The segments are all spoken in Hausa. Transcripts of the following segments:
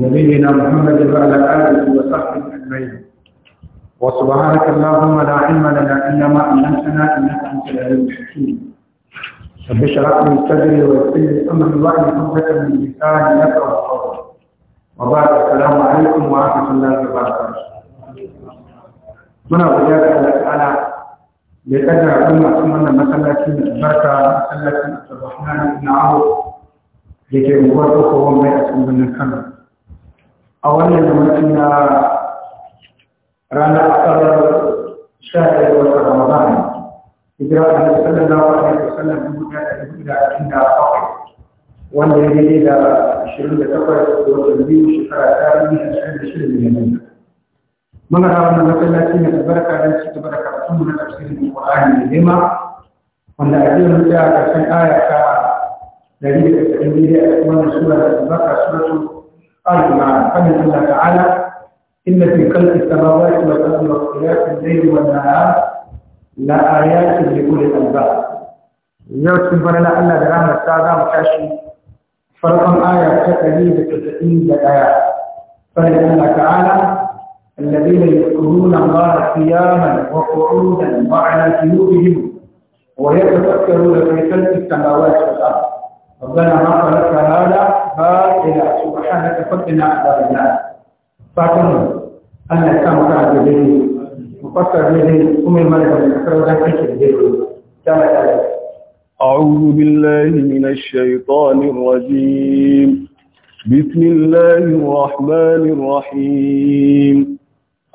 نبينا محمد وعلى آله وصحبه أجمعين وسبحانك اللهم لا علم لنا إلا ما علمتنا إنك أنت العليم الحكيم رب اشرح لي صدري ويسر لي أمري واحلل عقدة من لساني يقرأ قولي وبعد السلام عليكم ورحمة الله وبركاته muna godiya ga Allah ta'ala da ya kaddara kuma cikin wannan masallaci da ke unguwar kokowar mai a cikin birnin kano a wannan yammacin na ranar asabar sha ɗaya wata ramadan hijira da na ne da sallar dubu ɗaya da dubu da ashirin da bakwai wanda ya daidai da ashirin da takwas da watan biyu shekara ta biyu da ashirin da shirin da yanzu muna wannan matsalaci ne barka don ci gaba da karatun mu na tafsirin Qur'ani da lema wanda a jiya mutu a ƙarshen aya ta دليل التكبير أكوان سورة البقرة سورة آل عمران قال الله تعالى إن في خلق السماوات والأرض واختلاف الليل والنهار لآيات لكل الألباب يوم سبحان الله أن درام السادة مكاشي فرقم آية تتليل تتليل لآيات قال الله تعالى الذين يذكرون الله قياما وقعودا وعلى جنوبهم ويتفكرون في خلق السماوات والأرض ربنا ما خلقت هذا باطلا سبحانك فقنا عذاب النار فاتن الله كان كان بيدي مفسر بيدي ام الملك الاكبر وكان كيف عليك أعوذ بالله من الشيطان الرجيم بسم الله الرحمن الرحيم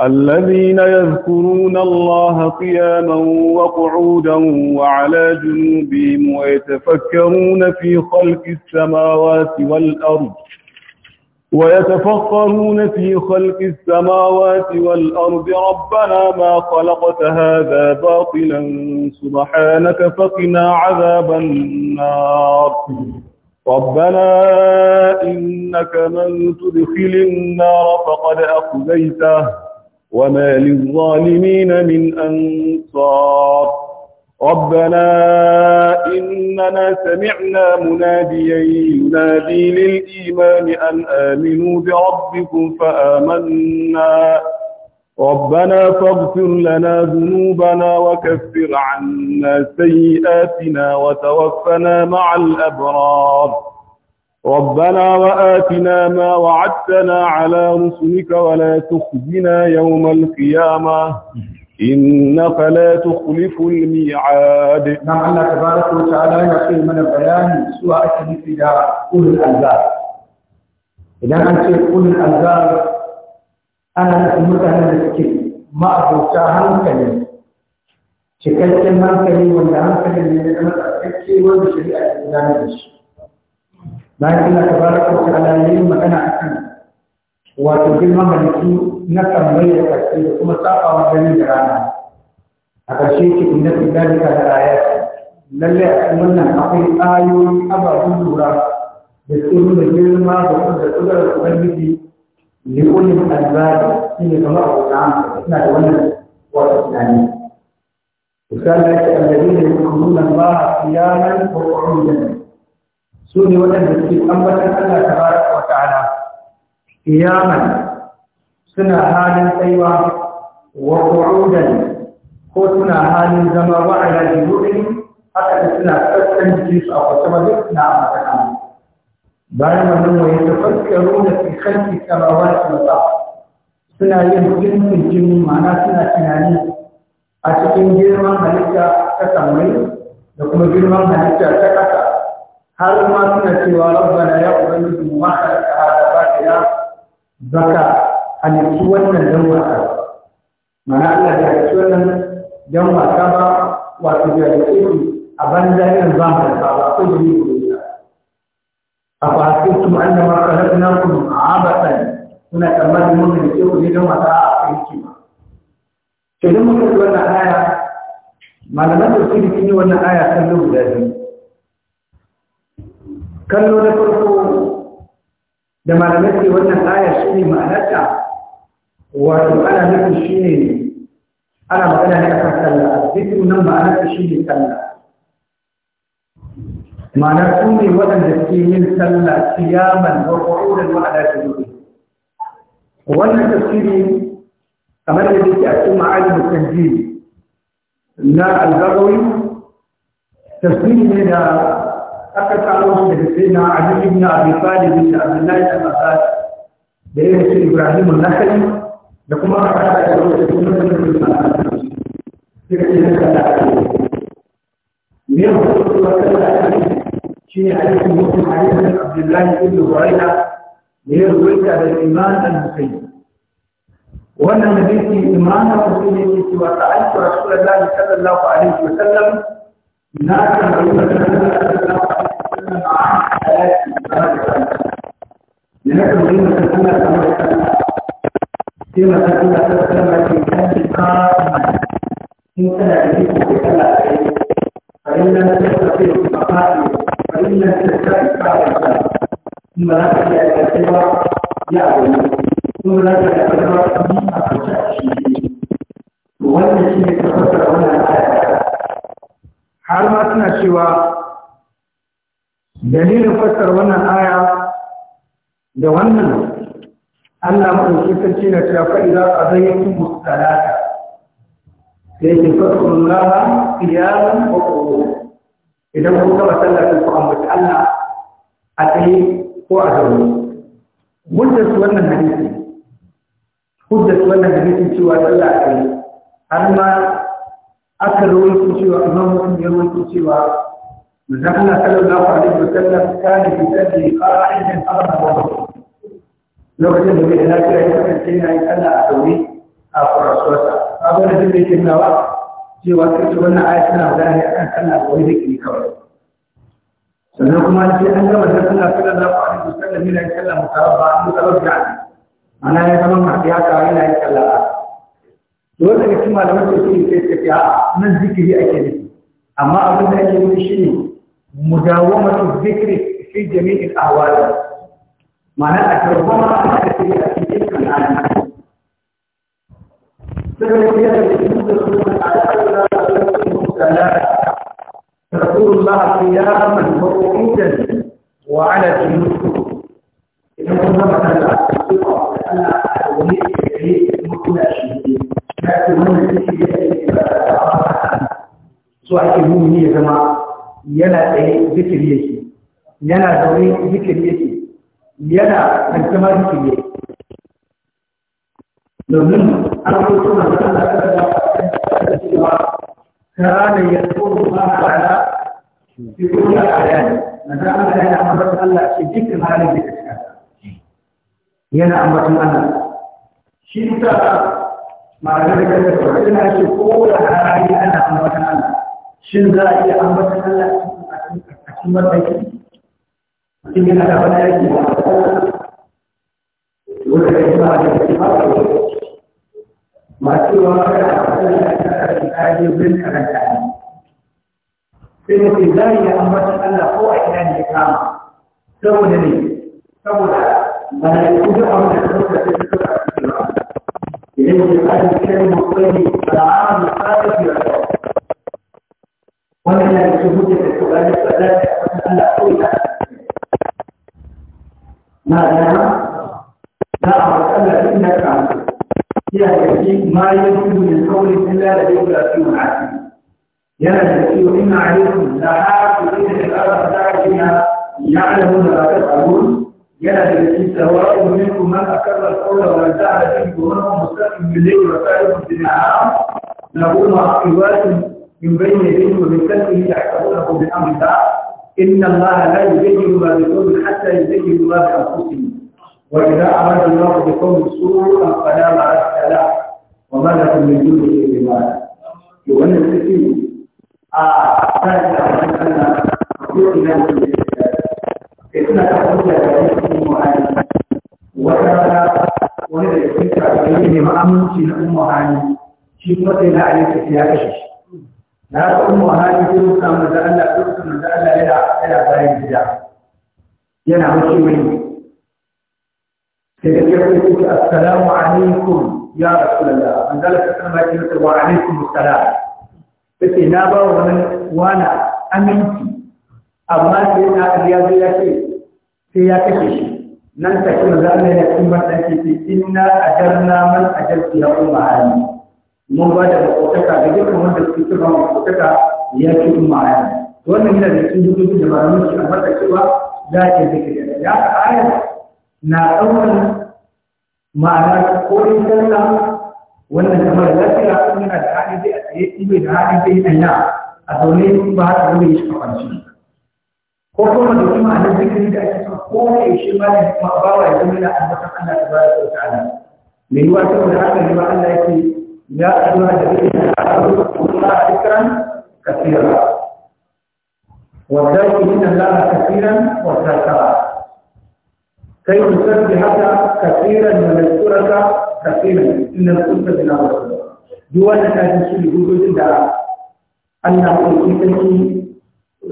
الذين يذكرون الله قياما وقعودا وعلى جنوبهم ويتفكرون في خلق السماوات والأرض ويتفكرون في خلق السماوات والأرض ربنا ما خلقت هذا باطلا سبحانك فقنا عذاب النار ربنا إنك من تدخل النار فقد أخذيته وما للظالمين من أنصار ربنا إننا سمعنا مناديا ينادي للإيمان أن آمنوا بربكم فآمنا ربنا فاغفر لنا ذنوبنا وكفر عنا سيئاتنا وتوفنا مع الأبرار ربنا وآتنا ما وعدتنا على رسلك ولا تخزنا يوم القيامة إنك لا تخلف الميعاد نعم الله تبارك وتعالى يقول من البيان سواء أكد إلى أولي الأنذار إذا أنت أولي الأنذار أنا مثلا لك ما أبوتا هنكلي شكلت هنكلي ولا هنكلي من المتأكد ولا شريعة الإسلام bayan Allah ta baraka wa ta'ala yayin magana akan wato girman halittu na tambayi da ƙarfi da kuma saba wa gani da rana a ƙarshe ce inda su dalika da lallai a cikin wannan akwai ayoyi ababen lura da su nuna girma da kuma da tsugarar ubangiji liƙulin albari shi ne kamar abota suna da wannan wata tunani misali ya ce allazi ne kuma ba a su ne waɗanda suke ambatan Allah ta bara wa ta'ala suna halin tsaiwa wa qu'udan ko suna halin zama wa ala jibudin haka da suna tsatsan jikin su a ba duk na amfana bayan wannan wa yatafakkaru da fi kanki samawati wal ardh suna yin jinsin jini ma'ana suna tunani a cikin girman halitta ta samai da kuma girman halitta ta ƙasa har ma suna cewa rabbana ya ubangiji mu ma ka hada ba ka ya zaka halittu wannan dan wasa mana Allah ya halittu wannan dan wasa ba wato da yake a banza irin zamani ba ba ko da ni ko a ba sai kuma annama khalaqnakum abatan kuna tsammanin mun da ke ku ne don wata a aiki ba. Kedan muka ji wannan aya, malaman da su yi wannan aya kan yau guda biyu. kallo na farko da malamai ke wannan aya shi ne ma'anarta wato ana nufin shi ne ana magana ne akan sallah zikirin nan ma'anarta shi ne sallah ma'anar su ne waɗanda suke yin sallah siyaman wa qu'udan wa ala shuruɗi wannan tafsiri kamar da yake a cikin ma'alimin tanjiri na al-bagawi tafsiri ne da aka kawo shi daga sai na Ali ibn Abi Talib da Abdullahi ibn Abbas da ya ce Ibrahim al-Nakhai da kuma aka kawo shi daga sunan Ibn Abbas daga cikin kada ne ko kuma kada shine hadisin Muslim hadisin Abdullahi ibn Hurairah da ya ruwaita da Imam al-Bukhari wannan hadisi Imam al-Bukhari ne cewa ta'allu Rasulullahi sallallahu alaihi wasallam Na Yeah, we're going to do that. We're going to do that. suna cewa dalilin fassar wannan aya da wannan Allah maɗauki sarki na cewa fa'i za a zayyantun musalata da yake fassarun lama iyalan ƙwaƙwaro idan kun gaba sallafin ku ambaci Allah a tsaye ko a zaune. Muddin su wannan hadisi, hujjar su wannan hadisi cewa sallah a tsaye har ma aka rawaito cewa imam muslim ya rawaito cewa manzon Allah sallallahu alaihi wasallam kana yusalli qa'idan arba wa lokacin da bai da lafiya ya kasance yana yi kana a daure a farasuwarsa abin da zai yake nawa cewa kace wannan aya tana magana ne akan sallah a daure da ke kawai sannan kuma sai an gama da sallah sallallahu alaihi wasallam yana yin sallah mutarabba mutarabba ana ya zama masu yaka yana yin sallah dole daga cikin malaman da suke sai suka a nan zikiri ake nufi amma abin da ake nufi shine mudawamatu zikri fi jami'il ahwali ma'ana a tarwama a cikin a cikin kanani suka ne ya da cikin da su ne a cikin da su ne رسول الله قياما وقعودا وعلى جنوده إذا كنت مثلا أن أولئك المكلاشين da ke wanda take da ke da ake mumini ya zama yana tsaye zikiri yake yana zaune zikiri yake yana kankama zikiri yake domin an so suna da Allah da cewa kana ya tsoro ba ala fi kulli ayati madan Allah yana ambaton Allah shi dukkan halin da take yana ambaton Allah shi ta malamai da kanta ba suna ce ko da hali ana ambatan Allah shin za a iya ambatan Allah a cikin mataki mutum yana da wani aiki ba wanda ya yi ba da ba masu yawa ba da ambatan Allah a cikin kaje bin karanta sai mutum za a iya ambatan Allah ko a ina ne ya kama saboda ne saboda malaikun duk abin da suka fi suka يجب أن يكون مقيم تعامل خارج العلاج ومن الجهود الاستغلال فذلك أن لا أولى ما دام لا أعرف ألا إنك عنه يا يزيد ما يجب من قول إلا لديه لكن عزيز يا يزيد إن عليكم لحافظين الأرض تعجبها يعلمون ما تفعلون yana da cikin منكم من man akarra al-qawla wa ta'ala fihi wa man huwa mustaqim bil من بين يديه ومن خلفه يحفظونه بامر الله ان الله لا يزيد ما بقوم حتى يزين ما بانفسهم واذا اراد الله بقوم سوءا فلا مرد السلام وما لكم من دونه من مال يغني السكين آه ثالثا أن كلنا كنا تقول wata wani da cikin kafin ya nemi aminci na Umma hani shi kuma sai na ali ta ya kashe shi na ga hani manzo Allah manzo Allah yana yana bayan gida yana mai sai da ya ce assalamu alaikum ya rasulullah an ya ce wa alaikum assalam sai na ba wani wana aminci amma sai na sai ya kashe shi nan ta kuma za mu yi cikin matsanci ce inna ajarna man ajarti ya umma ali mun ba da makotaka ga dukkan wanda suke tuba makotaka ya ci umma To wannan yana da cikin hukunci da malamin shi ambata cewa za a yi zikiri da ya ka aya na ɗaukar ma'ana ko in sallah wannan kamar lafiya yana da hali zai a tsaye kuma da kai a yana a zaune ba ta wani shi a kwanci ko kuma da kuma a zikirin da ake son ko da yaushe ma ne kuma ba wa yanzu yana ambatan Allah ta bada sauka ana me yiwa saboda haka ne ba Allah yake ya addu'a da kake da Allah kuma ikran kasira wa zaki inna Allah kasiran wa zakara kai ku sabbi haka kasiran wa nazkuraka kasiran inna kunta bina wa duk wannan ta shi shi da Allah ko kin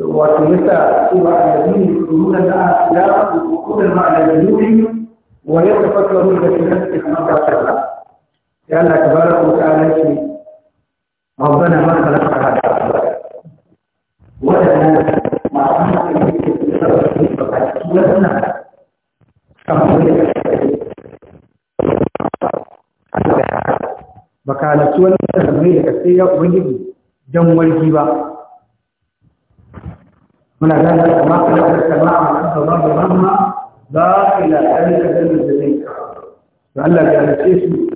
وكيسا سوى الذين يقولون مع لا يقول مع الذين ويتفكروا في نفسهم مرة أخرى لأن تبارك وتعالى ربنا ما خلق هذا ولا ناس مع ولا ناس baka halarci wani tambayi da kasai ya ubangiji don wargi ba من ذلك وما خلقت السماء والارض ظاهرهما داخل ذلك الجنه فقال لك يا سيسي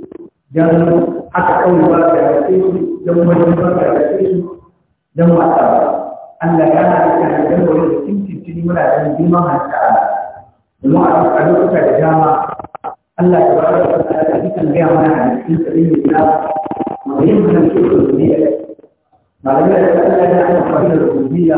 جنة حتى قول بارك يا سيسي جنة بارك يا سيسي جنة أن لا كان لك الجنة والتي تمتلي ولا تنزيما ما تعالى وما أسألك كجامة Allah ta bada da ta dukkan gaya mana a cikin sabin da muhimmin shi ne malamai da Allah ya yi amfani da rubiya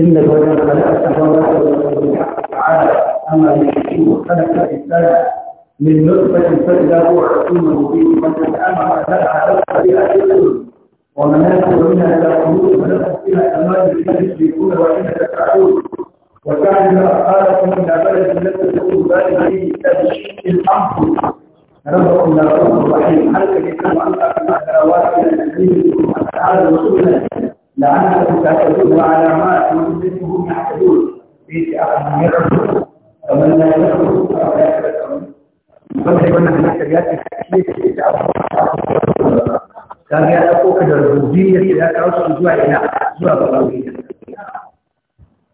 إن الوزن خلق السماوات تعالى أما يشركون خلق الإنسان من نطفة فإذا هو حكيم مبين فقد أمر لها لها بها شكر ومناسب منها إلى قلوب ولكم فيها أمان الذين يشركون وإن تفعلون وكان أخاركم إلى بلد لم تكونوا بالغ فيه تبشير الأمر ربكم لا رب رحيم هل كلمة أنت أن أدراك من الحديث تعالى وسلم لعلهم تعتدون على ما تنزلهم يعتدون في أخذ يرسل فمن لا يرسل فلا يرسل فمن يكون من الحاجات التكليف في كان يأكو كده الربوبية إذا كرسل زوا إلى زوا بالربوبية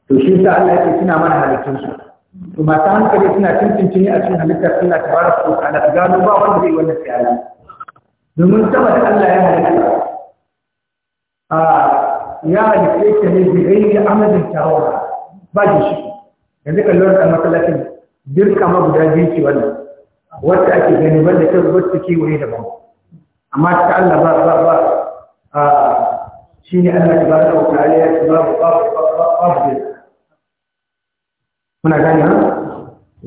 تشير تعالى كنا من هالكنسو ثم كان كده كنا تنتني أشياء هلكة كنا تبارك وتعالى قالوا ما وندري ولا تعالى domin sama da Allah ya halitta a ya rike ta ne bi da amadin tawara ba ki shi yanzu kallon da masallacin dirka ma guda biyu ce wannan wacce ake gani wanda ta wacce ke wuri ban amma ta Allah ba ba ba a shine Allah tabaraka ta ta'ala ba ba ba ba ba muna gani ha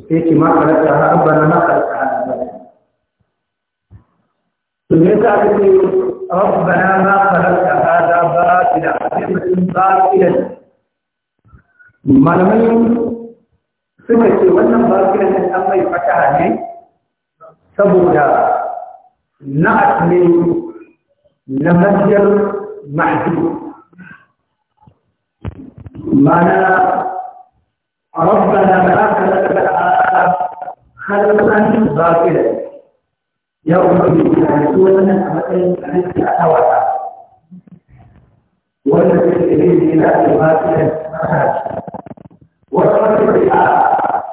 sai ki ma kalata ha na ma kalata ha to ne ka ce rabbana ma kalata باطلا فكرة باطلا ملمي سكت ونم باطلا أن الله يفتح لي سبودا نأت لي لمسجر محدود مانا ربنا ما أخذت خلقا باطلا يا أمي يا رسول الله والذي إليه لا يماثل منهج وصلت الرئاسة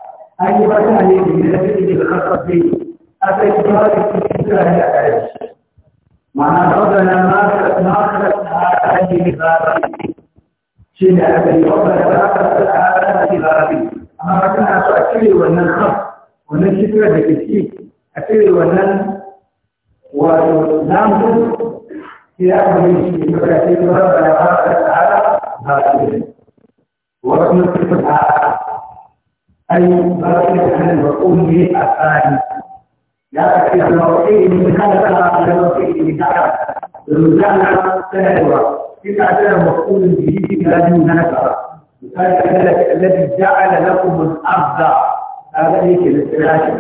أي مسألة بنفسه الخطأ أتجار في إسرائيل أعيش مع ربنا ما خلقنا أي غابي شيء أبي ربنا ما خلقنا أي غابي أمرتنا تؤكل وننخف وننشكر بكثير أكل ونن ونعمل وابن الفتحة أي باطل عن الوقوف الثاني لا تكفي عن الوقوف من هذا على الوقوف بتاعه المزاحمة سهلة تسعة سنة مفعول به في هذه النكرة الذي جعل لكم الأرض هذا هيك الاستراحة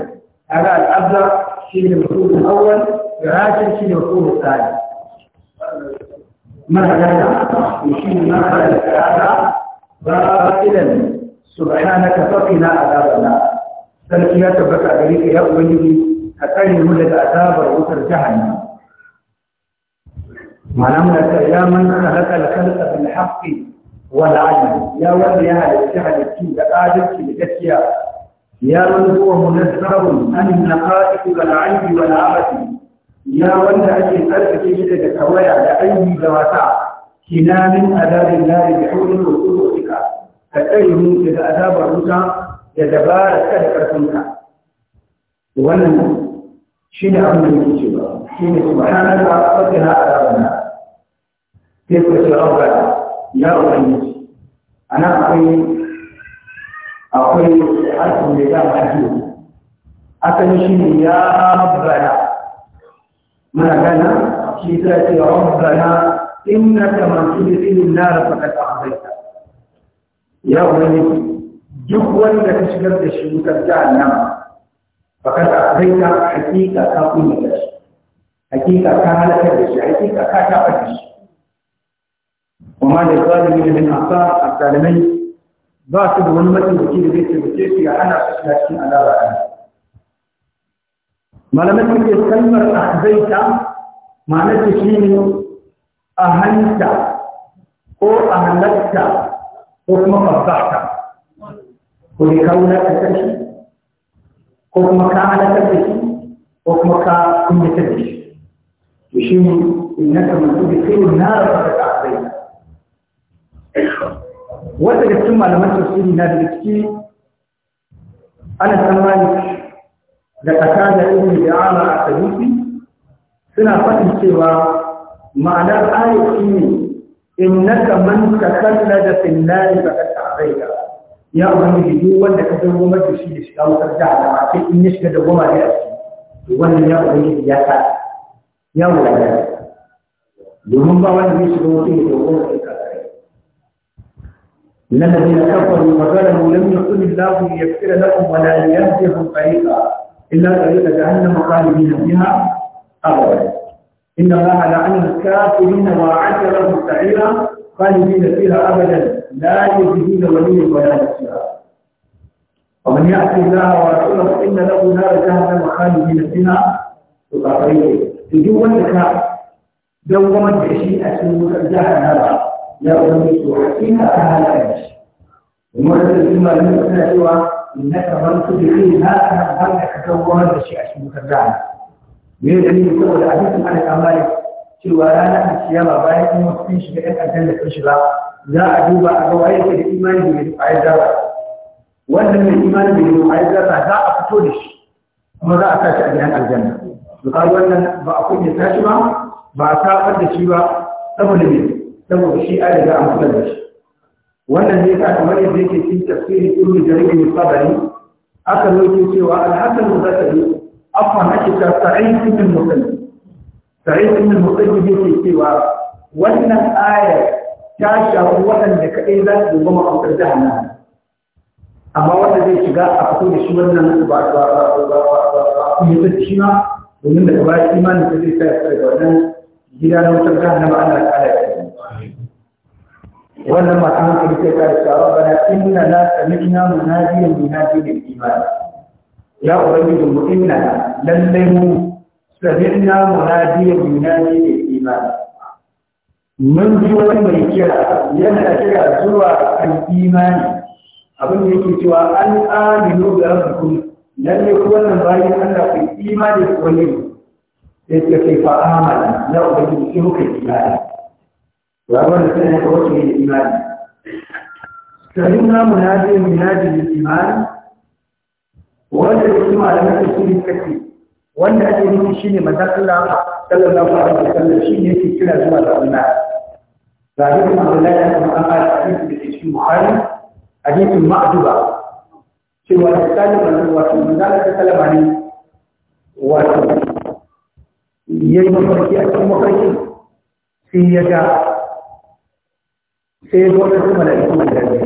هذا الأرض شيء المفعول الأول الراشد شيء المفعول الثاني مهلا يشيل مهلا تعالى باطلا سبحانك فقنا عذاب النار sarki ya tabbata gare ka ya ubangiji ka tsare mu daga azabar wutar jahannam ma'ana mun ta ya man khalaqa al-khalqa bil haqqi wal 'adl ya wanda ya halitta halitti da adalci da gaskiya ya man huwa munazzarun an naqa'iq wal 'ayb wal 'abati ya wanda ake tsarkake shi daga tawaya da aiki da wasa kina min azabin nari da haurin rukunuka ka tsare mu daga azabar wuta da dabarar ka da karfinka wannan shi ne abin da yake cewa shi ne subhanaka fakina azabana sai ku ce rabba ya A ana akwai akwai harfin da ya ma asali shi ne ya rabbana muna gana shi ta ce rabbana innaka man tudkhilin nar faqad akhzaita ya ubangiji duk wanda ka shigar da shi wutar jahannama faqad akhzaita hakika ka kunya da shi hakika ka halaka da shi hakika ka taɓa da shi وما للظالمين من أنصار الظالمين ba su da wani mataimakin da zai taimake su ya hana su shiga cikin azaba ɗin da ke kalmar ahzaita da shi ne a hanta ko a halatta ko kuma fasahta ko ne kawo na ƙasar shi ko kuma ka halatta da shi ko kuma ka kunyata da shi to shi ne innaka mutu da kai na rafa ta Wata wanda da cikin malamin tafsiri na da cikin ana tsammani da kasa da ibn da'ama a hadisi suna faɗin cewa ma'anar ayat shine innaka man takallada fil nar faqad ta'aita ya ubangiji duk wanda ka dawo mata shi da shiga wutar jahannama sai in ya shiga da goma da shi wannan ya wani ubangiji ya ta ya wulaya domin ba wanda ya shiga wutar da goma da ta shi إن الذين كفروا وظلموا لم يكن الله ليغفر لهم ولا ليهدهم طريقا إلا طريق جهنم خالدين فيها أبدا إن الله لعن الكافرين وأعد لهم سعيرا خالدين فيها أبدا لا يجدون وليا ولا نصيرا ومن يعص الله ورسوله فإن له نار جهنم خالدين فيها تقاطعيه تجوز دوما تعيشين أسلوب جهنم يا أمي سوحتين أهل أمش ومرة الجمعة من أسنى سوى إنك من تدعي ما أنك تدور الشيء أشبك الرعنا من الدليل يقول a عن الأمالك cewa ranar kiyama bayan in mutum shiga ɗan ƙarshen da sun shiga za a duba a ga waye ke da imani mai duka ya zara wannan mai imani mai duka ya zara za a fito da shi kuma za a sa a gidan aljanna to wannan ba a ta shi ba ba a sabar da shi ba saboda shi an riga da shi wannan ne ka kamar yadda yake cikin tafsirin ibn jarir bin sabari aka nuna cewa al-hasan al-basri afwan ake ta sa'id ibn musayyib sa'id ibn musayyib yake cewa wannan aya ta shafi waɗanda kaɗai za su goma a wutar jahannama amma wanda zai shiga a fito da shi wannan ba ba ba ba ba kuma ta shi ma domin da ba imanin ta zai tsaya daga wannan gida na wutar jahannama Allah ta ala wannan masu hankali sai ta rika rabbana inna la sami'na munadiyan munadiyan iman ya ubangiji mu inna lallai mu sami'na munadiyan munadiyan iman mun ji wani mai kira yana kira zuwa al imani abin da yake cewa an aminu da rabbukum lalle ku wannan bayan Allah ku imani ku ne sai ka ce fa amana na ubangiji sai muka imani babar da sai haka wata da imani salimna munadi munadi da imani wanda da kuma alamar tafsiri kace wanda ake nufi shine manzon Allah sallallahu alaihi wasallam shine yake kira zuwa ga Allah ga dukkan Allah ya kuma an fara hadisi da cikin Bukhari hadisin ma'duba cewa da sallallahu wato manzon Allah wato a sai ya ga sai ya zo wani su mala'iku da dare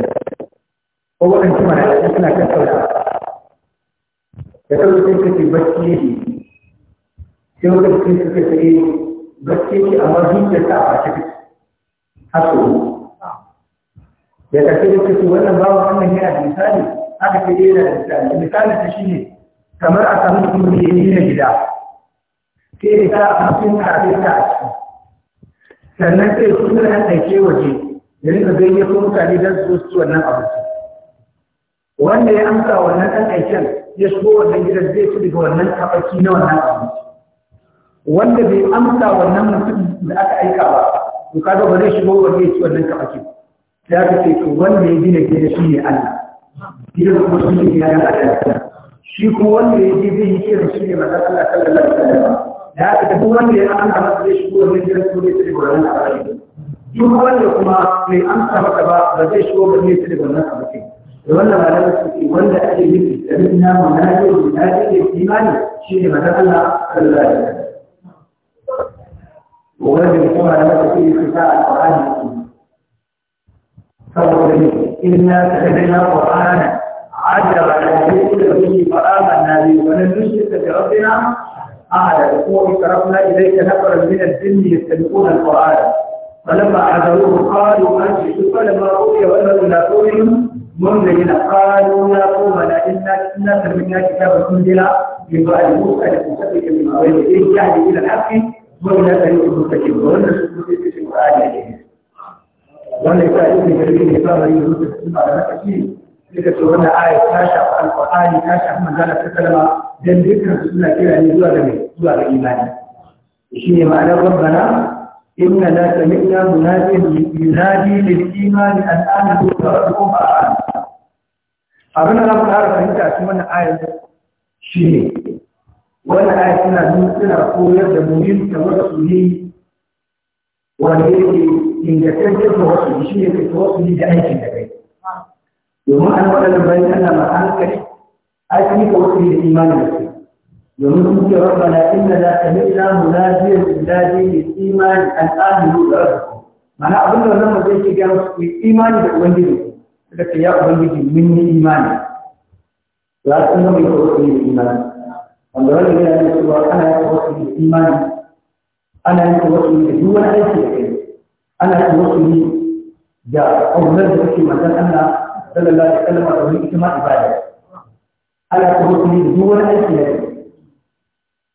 ko wani su mala'iku suna tattauna da kan sai ka ce bacci ne sai wani su suka sai bacci ne amma zuciyar ta a cikin haso ya tafi da cikin wannan bawa wannan yana da misali haka ke yana da misali misali ta shi ne kamar a samu mutum da ya yi gida sai da ta a cikin kafin ta a cikin. sannan sai suna ɗauke waje ya rika gayyato mutane don su ci wannan abinci wanda ya amsa wannan ɗan aikin ya shigo wannan gidan zai ci daga wannan kafaki na wannan abinci wanda bai amsa wannan mutum da aka aika ba to kaga ba zai shigo wanda ya ci wannan kafaki sai ka ce to wanda ya gina gida shi ne Allah gidan kuma shi ne gidan Allah shi ko wanda ya je zai yi kiran shi ne manzon Allah sallallahu alaihi wasallam da tafi wanda ya amsa masa zai shigo wannan gidan ko zai ci daga wannan kafaki duk wanda kuma mai amsa maka ba ba zai shigo ba ne da wannan abu ke da wanda ba lalle suke wanda ake nufi da nuna mana yau da ya ke imani shi ne mata Allah sallallahu alaihi wasallam wanda kuma da mata ke fita alqur'ani saboda ne inna kadana qur'ana ajaba la yuqulu bihi fa amanna bi wa lan nushrika bi rabbina ahada wa qarafna ilayka nafaran min al-jinni yastami'una al-qur'ana فلما عذروه قالوا أنشئوا فلما أوتي وأمروا إلى قومهم منذرين قالوا يا قومنا إنا إنا سمعنا كتابا أنزل من بعد موسى لتثبت بما ويهديه يهدي إلى الحق وإلى طريق المستقيم وإن في القرآن wannan ya yi ne garbi ne fara yin rubuta cikin malamai a ciki duka ce wannan aya shafi alƙur'ani ta shafi manzana ta kalma dan dukkan suna zuwa zuwa ga imani ma'anar rabbana إن لا سمعنا منادي ينادي للإيمان الآن هو ربكم أعلم abin da na fara fahimta cikin wannan ayar shi ne wannan ayar suna nuna suna koyar da muhimmin wasu ne wanda yake ingantaccen da wasu shi ne kai wasu ne da aikin da kai domin an waɗanda bayan Allah ma an kai wasu ne da imanin da domin sun ce rabbana inna la sami'na munadiyan munadi li imani an aminu da rabbikum mana abin da wannan mutum ke gaya musu ku imani da ubangiji suka ce ya ubangiji mun ni imani ya san mai tawakkali da imani wanda wani yana da cewa ana yin tawakkali imani ana yin tawakkali da aiki da kai ana yin da ƙaunar da sallallahu alaihi da wani ita ma ibada ana da aiki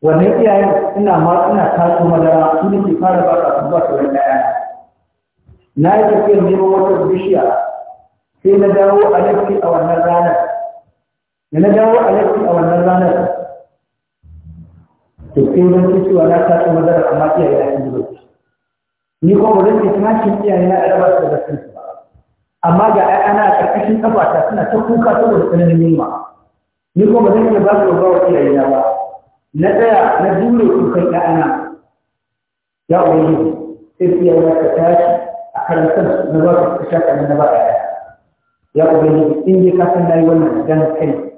wannan iyayen ina ma ina taso madara su ne ke fara ba ka ba su wani ɗaya na yi tafiya nemo wata bishiya sai na dawo a lafi a wannan ranar da na dawo a lafi a wannan ranar to sai na ce cewa na taso madara amma iyaye na sun zuwa ni kuma ba zan ce tashin iyaye na araba su da su amma ga ana a ƙarƙashin ƙafata suna ta kuka saboda tsananin yunwa ni kuma ba zan iya ba su ba wa iyaye na ba na tsaya na jure kukan ɗana ya ubangiji sai su yi ka tashi a karantar na ba su ka shaka na ba ɗaya ya ubangiji in dai ka san nayi wannan dan kai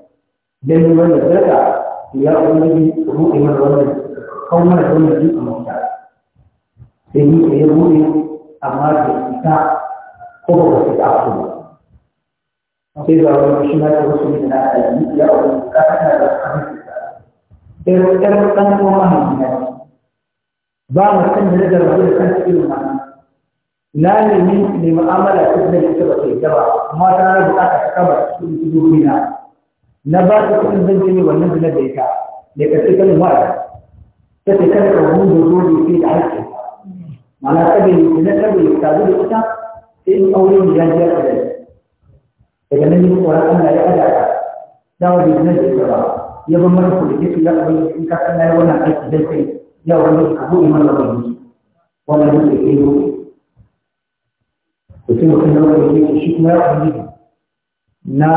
dan yi wannan zarga ya ubangiji ka buɗe mana wannan kawo mana wannan jin a mota sai ni ka yi buɗe amma da ita ko ba ka fi ta ba sai da wani shi ma ta wasu mutane a yi ya ubangiji ka san na da su ɗarɗar ɗan kuma hanyar ba mu san da daga rabu da kan cikin mana na ne mu'amala ta da ita ba kai gaba amma ta na buƙata ta kama cikin dubu na na ba ta kuɗin zan ce wannan zina da ita da ka ce kan ta ce kan ka da zobe sai da haƙƙi mana ta bai ne na ta bai ta zo da ita sai in aure ne ya jiya da daga nan ne kuma na ya ada ta dawo da da ita ba ya bar masa kuɗi su ya abin in ka san nayi wannan aiki zai kai ya wani ka buɗe mana wani wani da ke kai yau da sai mutum na wani yake shi kuma ya wani na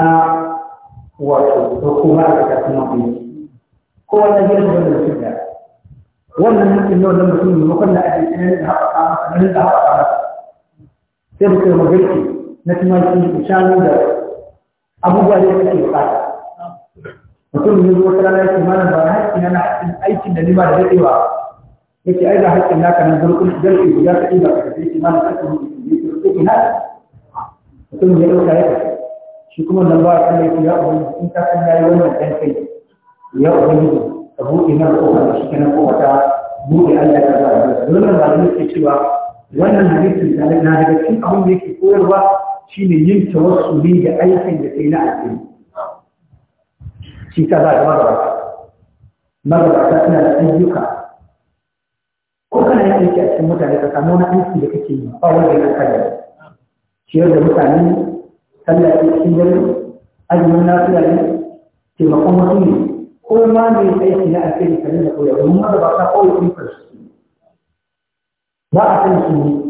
wato da kuma da ka kuma aiki ko wannan yake da mutum da wannan hankali yau wannan mutum yi makon da ake ne da haɓaka masa ne da haɓaka masa sai mutum ya magarki na kuma da shanu da abubuwa da suke bukata mutum ya zo wata rana yake mana ba haƙƙi na haƙƙin aikin da nima da daɗewa yake ai da haƙƙin naka nan zurfin zarfi guda ta ɗiba ka tafi yake mana haƙƙin ko ina mutum ya ɗauka ya tafi shi kuma nan ba a kan yake ya ɓoye in ka san yayi wannan ɗan kai ya ɓoye ubangiji ka buɗe na ƙofa da shi kenan ƙofa ta buɗe Allah ya ba da wannan ba ne ke cewa wannan hadisin da na daga cikin abin da yake koyarwa shine yin tawassuli da aikin da kai na alheri في كذا مدرسة مدرسة من أيها وكان يأتي أسمتها لتتعمون أنسي لكتين أولي من الحجر شير المتعمين هل يأتي أسمتها أجل من أسمتها في مقومة مين كل ما من أيها أسمتها لكتين أولي من مدرسة أولي من فرسكين ما أسمتني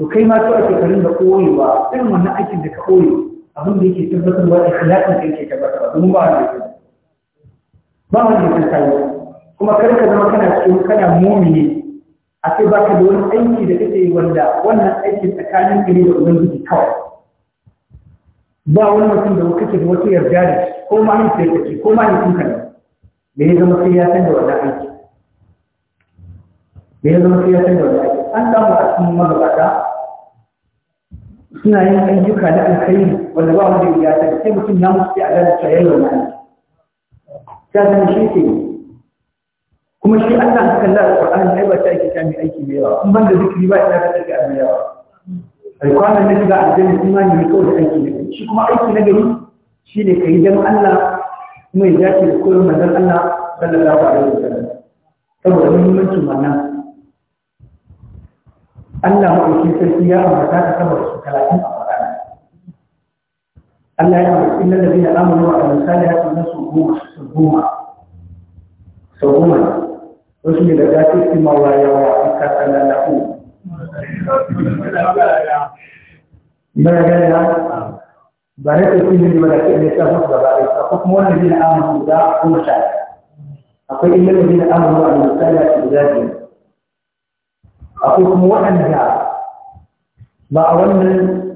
وكيما تؤتي كريم بقوي وإنما نأتي بك قوي أهم بيكي تبتل وإخلاقك إنك تبتل ومبارك بيكي ba wanda ya yi kuma kar ka zama kana cikin kana mumini a sai baka da wani aiki da kake yi wanda wannan aiki tsakanin gari da da ubangiji kawai ba wani mutum da kake da wata yarda da shi ko ma yin sai kake ko ma yin kuka ne me ya zama sai ya san da wannan aiki me ya zama sai ya san da wannan aiki an samu a cikin magabata suna yin ayyuka na alkhairi wanda ba wanda ya san sai mutum ya mutu sai a gane cewa yayin wannan aiki ta san shi ke kuma shi Allah haka Allah Qur'ani ai ba ta ake ta mai aiki mai yawa in banda zikiri ba ina ta take mai yawa ai kwanan ne shiga aljanna imani ne kawai aiki ne shi kuma aiki na gari shine kai dan Allah kuma ya dace da koyar manzon Allah sallallahu alaihi wasallam saboda muhimmancin wannan Allah maɗauki sarki ya ambata ta sama da talatin a ألا يعمل إلا الذين آمنوا وعلى سالها الناس صبوما صبوما صبوما رسمي لذات اسم الله يا وعفك أنا له ما قال يا بنات الكل من ملك إن يستفق ببعض فقطمون الذين آمنوا وداع كل شيء أقول إلا الذين آمنوا وعلى سالها الناس أقول كموحن جاء ما أولن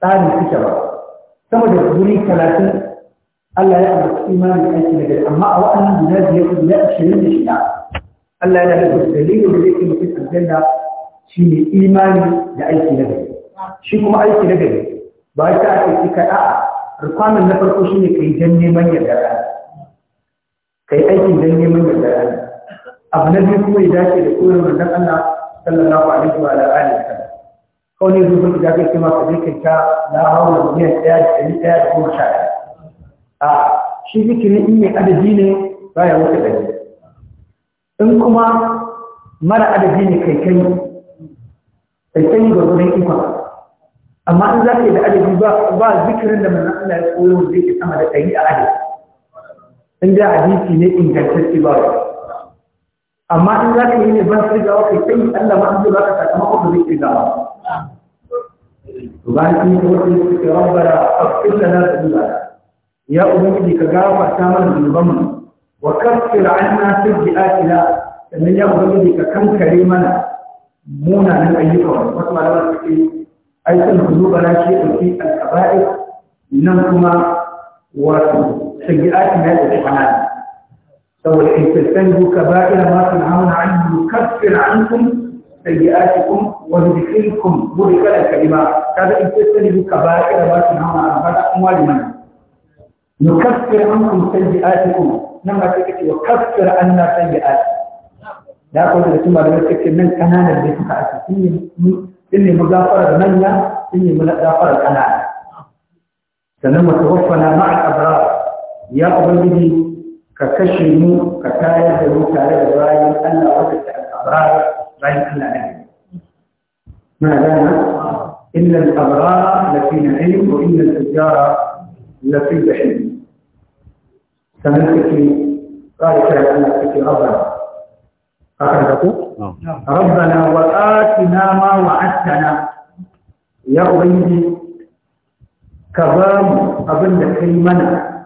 ثاني كتبه sama da guri talatin Allah ya ambaci imanin aiki da gari amma a wa'annan guda biyar guda ashirin da shida Allah ya da dalilin da zai kai mutum aljanna shi ne imani da aiki na gari shi kuma aiki na gari ba ta ake ci kaɗa a rukwamin na farko shi ne ka yi jan neman yarda rana ka yi aikin jan neman yarda rana abu na biyu kuma ya dace da koyar manzon Allah sallallahu alaihi wa alihi wa sallam kawai zuwa da jaga ce maka zikin ta na hawa miliyan ɗaya da ɗari ɗaya da kuma sha ɗaya a shi zikirin in mai adadi ne baya wuce ɗari in kuma mara adadi ne kai kai kai kai gwargwadon ikon amma in za ka yi da adadi ba ba zikirin da manzan Allah ya koyo zai ke sama da ɗari a adadi in da hadisi ne ingantacce ba wani amma in za ka yi ne ban kirgawa kai sai Allah ma an zo za ka sakamako da zai kirgawa to bayan sun yi wata yi suke rabbara afkin da na su ya ubangiji ka gafarta mana zunubanmu wa kaffir anna sayyi'atina sannan ya ubangiji ka kankare mana munanan ayyukan wasu malaman suke aikin zunubana shi ɗauki alkaba'ir nan kuma wato sayyi'atina da shi توحيد حيث كبائر ما تنهون عنه يكفر عنكم سيئاتكم ويدخلكم مدخلا كريما هذا ان تجتنبوا كبائر ما تنهون عنه هذا اموال من يكفر عنكم سيئاتكم لما نعم، تكتب وكفر عنا سيئات لا aka wanda ما malamai suka ce nan kananan da suka ake sun ne mu gafarar manya sun ne mu gafarar kanana sannan mu ka kashe mu ka tayar da mu tare da bayan Allah wanda ta al'abrar bayan Allah na gani. Muna gana, inna al'abrar lafi na'im wa inna al'ajjara lafi bahim. Sannan kake tsari kare Allah kake rabbana. Akan da ku? Rabbana wa atina ma wa'attana ya ubangiji ka ba mu abin da kai mana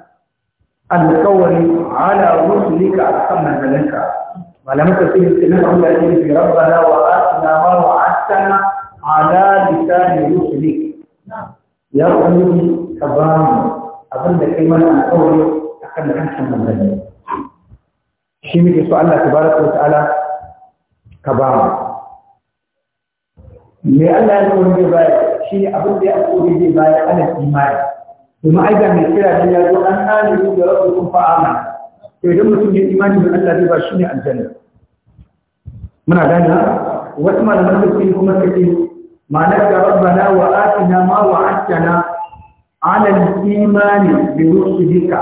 alkawari ala rusulika akan manzalinka malamin tafsir sunan Allah ya ce rabbana wa atina ma wa'adtana ala lisani rusulik ya ubangiji ka ba mu abin da kai mana alkawari akan hancin manzalin shi muke so Allah tabaraka wa ta'ala ka ba mu me Allah ya alkawari zai bayar shi ne abin da ya alkawari zai bayar ala imani kuma ai mai kira ya zo an alimu da rabbukum fa amana to idan mutum ya imani da Allah zai ba shi ne aljanna muna gani wasu malaman suke kuma suke ma'anar da rabbana wa atina ma wa'adtana ala al-imani bi rusulika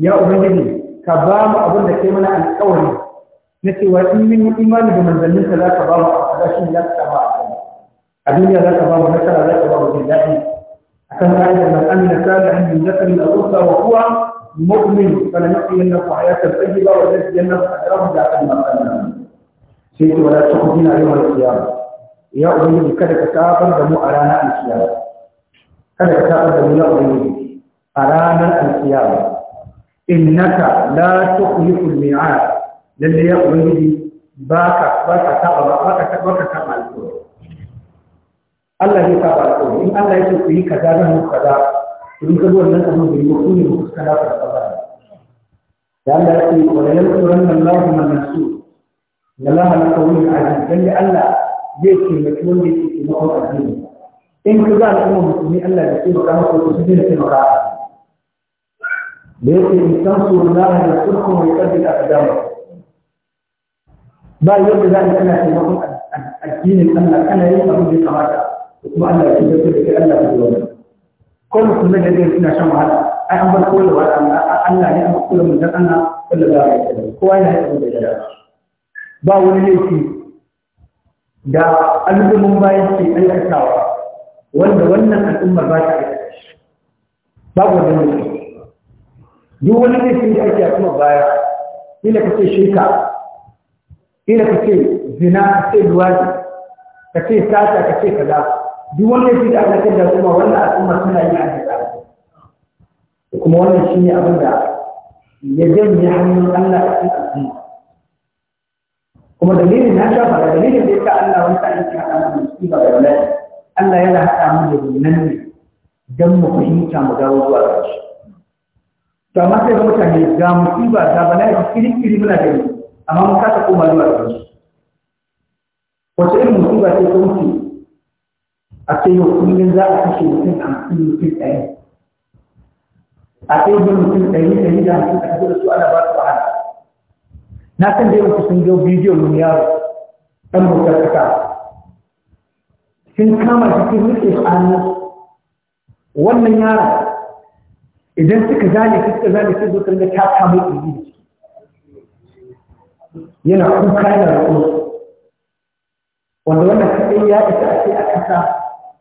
ya ubangiji ka ba mu abin da kai mana alƙawari na cewa in mun yi imani da manzanninka za ka ba mu a kasashen ya ka ba a duniya za ka ba mu nasara za ka ba mu jin كان آدم أن كان عن ذكر أو أنثى وهو مؤمن فلنحيينه حياة طيبة ولنجزينه أجرهم بعد ما قدم سيدي ولا تخزينا يوم القيامة يا أبني كذا كتابا دمو أرانا القيامة كذا كتابا دمو يا أبني أرانا القيامة إنك لا تخلف الميعاد للي يا أبني باكا باكا تقرأ باكا تقرأ القرآن Allah zai saba alƙawari in Allah ya ce ku yi kaza na mu kaza yi kaza wannan kamar bai ku ne ku fuska na kaza da Allah ya ce wa la yansuran Allahu man nasur da Allah na kawai aziz dan da Allah zai ce mutum wanda yake taimakon addini in ka ga al'umma Allah ya taimaka maka ko su zai taimaka da yake in tansuru Allah ya mai wa yaqdi aqdamakum ba yadda za a tana taimakon addinin Allah kana yin abin da ya kamata kuma Allah ya shiga da kai Allah ya shiga wannan ko mutum ne da suna shan wahala ai an bar kowa da wahala Allah ne an kula mun dan Allah sallallahu alaihi wasallam kowa yana yin da dara ba wani laifi da al'umman bayan ke aikatawa wanda wannan al'ummar ba ta aikata shi Ba wani laifi duk wani laifin da ake kuma baya ina ka ce shirka Ina ka ce zina ka ce luwaji ka ce sata ka ce kaza duk wanda shi da alaƙar da kuma wannan al'umma suna yi a da kuma wannan shi ne abin da ya janye hannun Allah a cikin al'umma kuma dalilin na shafa da dalilin da ya sa Allah wani sa'in ke haɗa mu da ba da wala Allah yana haɗa mu da nan ne don mu fahimta mu dawo zuwa ga shi to amma sai ga mutane ga musiba ga ya kiri-kiri muna gani amma mun kasa koma zuwa ga shi wace irin musiba ce ta mutu a ce yau kullum za a kashe mutum hamsin mutum ɗari a ce yau mutum ɗari ɗari da hamsin a da su ana ba su wahala na san da yawan sun ga bidiyon mun yaro ɗan motar ƙasa sun kama shi sun su a hannu wannan yara idan suka zane suka zane su zuwa karga ta kama ɗari yana kuka yana rahoto wanda wannan kaɗai ya isa a ce a ƙasa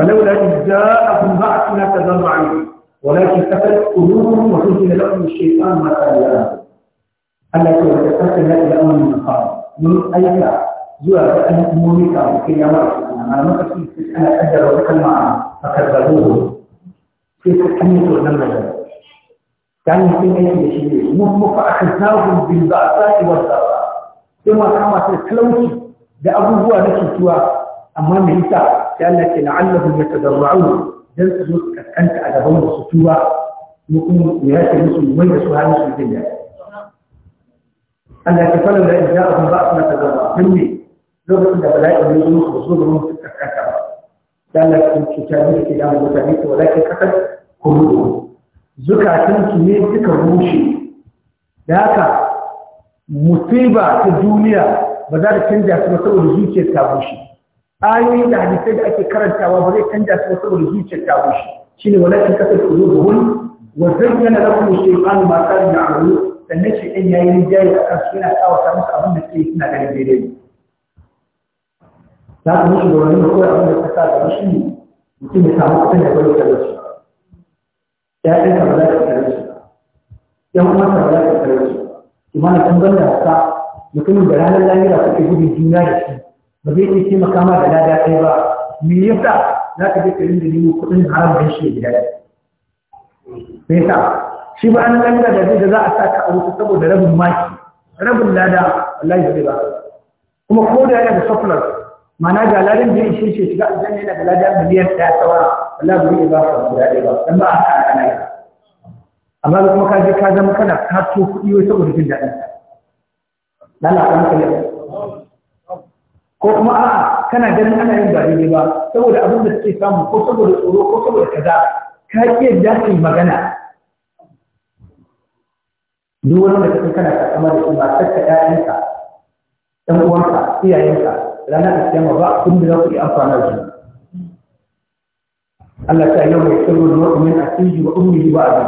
فلولا إذ جاءهم بأسنا تذرعوا ولكن كفت قلوبهم وحزن لكم الشيطان ما كان يعلم التي تتكفل إلى أمر من أي من أيك زوى أن مونيكا في يوم أنا ما كنت أنا أجر أتكلم معه فكذبوه في تحميل النمذجة كان في أي شيء مهم فأخذناهم بالبعثاء والضراء ثم كما تتلوش ده أبوه نفسه أمام الإنسان sai Allah ce la'allahum yatadarra'un dan su kaskanta a gaban su tuba mu kuma mu yace musu mu da su halin su dinga Allah ya fara da idan abun ba su tadarra dan ne lokacin da bala'i ne zo musu zo gaban su kaskanta ba Allah ya ce ta ne ke da mutane to walakin kasar kullu zukatansu ne suka rushe da haka musiba ta duniya ba za ta canja su ba saboda zuciyar ta bushe ayoyi da hadisai da ake karantawa ba zai canja su wani zuciyar ta bushe wani cikin kasar qulubuhum wa zayyana lakum shaytanu ma da ya'malu sannan shi dan yayi rijali a kansu yana kawo musu abin da suke suna ganin daidai za ku mishi da wani kawai abin da ta sa da shi mutum ya samu kusan da da talauci ya ɗin ka ba za ka talauci ya kuma ka ba za ka talauci kimanin kun ganda ka mutumin da ranar lamira suke gudun juna da shi ba zai iya taimaka ma da lada ɗaya ba me yasa za ka je ka rinda nemo kudin haram da shi gida me yasa shi ba an langa da zai da za a sa ka a wuta saboda rabin maki rabin lada wallahi ba zai ba kuma ko da yana da sofular ma'ana ga ladan da ya shi shiga aljanna yana da lada miliyan ɗaya tsawara wallahi ba zai ba ka guda ɗaya ba dan ba a ka ana yi amma kuma ka je ka zama kana kato kuɗi wai saboda jin daɗin ka lalata hankali ko kuma a'a kana ganin ana yin ba daidai ba saboda abin da suke samu ko saboda tsoro ko saboda kaza ka iya dace magana duk wani da kake kana kakama da ta shi ba sakka ƴaƴanka ɗan uwanka iyayenka ranar alkiyama ba abin da za ku yi amfana da shi Allah ta yau mai sirru da wani min asiji wa ummihi wa abi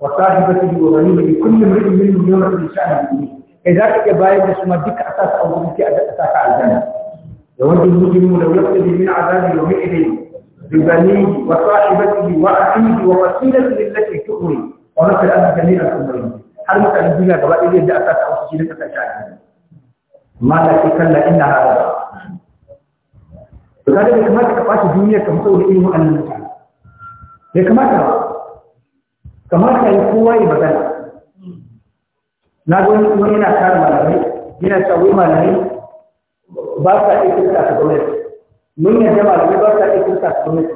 wa sahibatihi wa ghanihi kullu mar'in minhum yawma sha'ani idan ka bayar da su ma duka a asasa a wurin sai a daka asaka aljanna يود المجرم لو يقتدي من عذاب يومئذ ببنيه وصاحبته واخيه ووسيلته التي تؤوي ومثل ان جميع الامرين هل مثل الدنيا كما اذا جاء اساس او سجلتك شاهد ما لا كلا ان هذا فقال لك ما تكفاش الدنيا كم تقول ايه ان المتعه كما ترى كما كان قوة بدل na ga wani kuma yana kare malamai yana shawo ba sa iya kirka su gwamnati mun yadda malamai ba sa iya kirka su gwamnati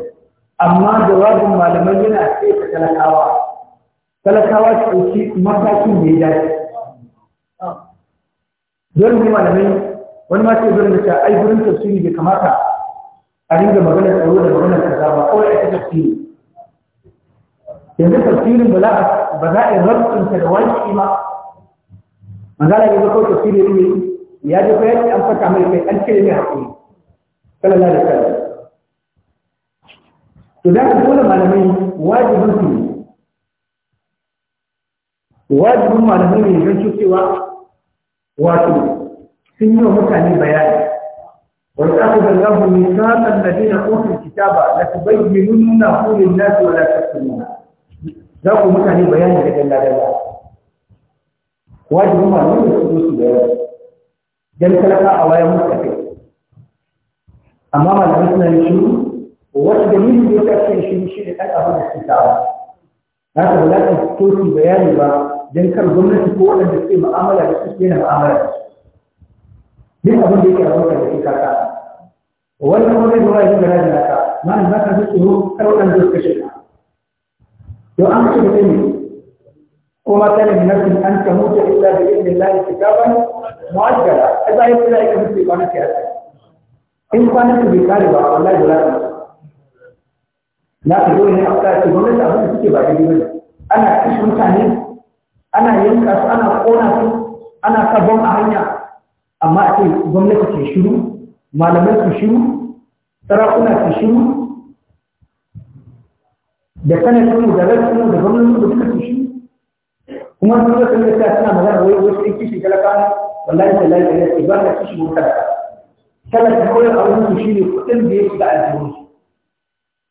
amma jawabin malamai yana ce ta talakawa talakawa su ɗauki matakin da ya dace dole ne malamai wani ma ce zai mace ai gurin tafsiri bai kamata a ringa maganar tsaro da maganar kaza ba kawai a ta tafsiri yanzu tafsirin ba za a yi rabtunta da wani ima magana ne ga kawai tafsiri ne ya ji bayan an saka mai kai an cire mai haƙuri sallallahu alaihi wasallam to da ka dole malamai wajibin su ne wajibin malamai ne don cewa wato sun yi wa mutane bayani wani da da zafi mai samun dina kitaba da su bai yi nuna kulin nasu wa وَلَا تَكْتُمُونَهُ za ku mutane bayani da dalla dalla wajibin malamai da su su da yawa don talaka a wayan mutane amma malamai suna yin shiru Wani dalilin da ya kashe shiru shi ne ɗan abin da suke tawa na ta ba za ka tosi bayani ba don kar gwamnati ko waɗanda suke mu'amala da suke yana mu'amala da su duk abin da yake a wata da ke kaka wani kuma zai zuwa yin gara da naka ma'ana za ka ji tsoro kar waɗanda suka shiga to an kashe da ne kuma ta nemi nasu an ta mutu illa da yin lillah ta kaba mu'ajjala a za a in kwanaki bai kare ba a da lafi na fito ne a kasa ce wani abin da suke ana kashe mutane ana yanka su ana kona su ana sa bom a hanya amma a ce gwamnati malamai su shiru sarakuna da sanatunmu da rasunmu da gwamnatinmu da kuma sun zo sun ta suna magana wai wasu ɗin kishin talaka wallahi sai da ya ce ba ka kishin mun talaka talaka kawai a wurin shi ne kuɗin da ya shiga aljihun su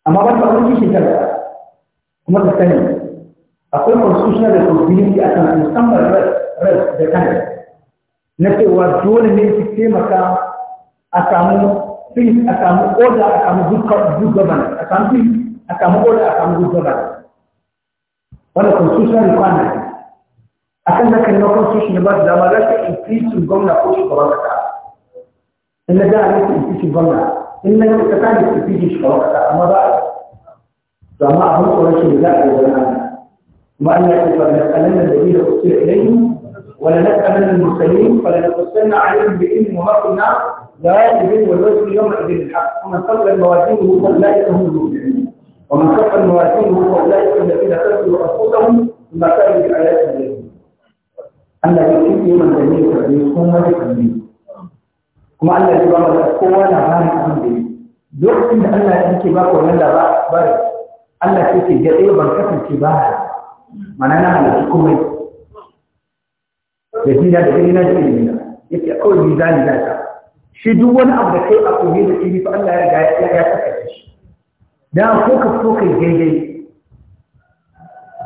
amma ba ta wani kishin talaka kuma ka sani akwai constitutional responsibility a kan musamman rai da kan na cewa dole ne su taimaka a samu peace a samu order a samu good governance a samu peace a samu order a samu good governance wannan constitutional requirement أكن ذكر نقص شيء نبات لما رأيت إبليس يبغنا كوش بالكتا إن جاء ليس إبليس يبغنا إن لم تكن إبليس يشكرك أما ذا لما أهون ولا شيء لا يبغنا ما أن يكفر من أن الذي يقصي إليه ولا نكمل المسلمين فلا نقصنا عليهم بإذن وما قلنا لا يجبين والرسل يوم إذن الحق ومن صدر الموازين هو لا يتهم المؤمنين ومن صدر المواتين هو لا يتهم الذين خلقوا أنفسهم ثم كانوا بآيات الله Allah ya kike kuma Allah ya ba mu kowa da lokacin da Allah ya ba ku ɗaya ban da ya kawai duk wani abu da kai a Allah ya ya ya saka shi da ko ka so kai daidai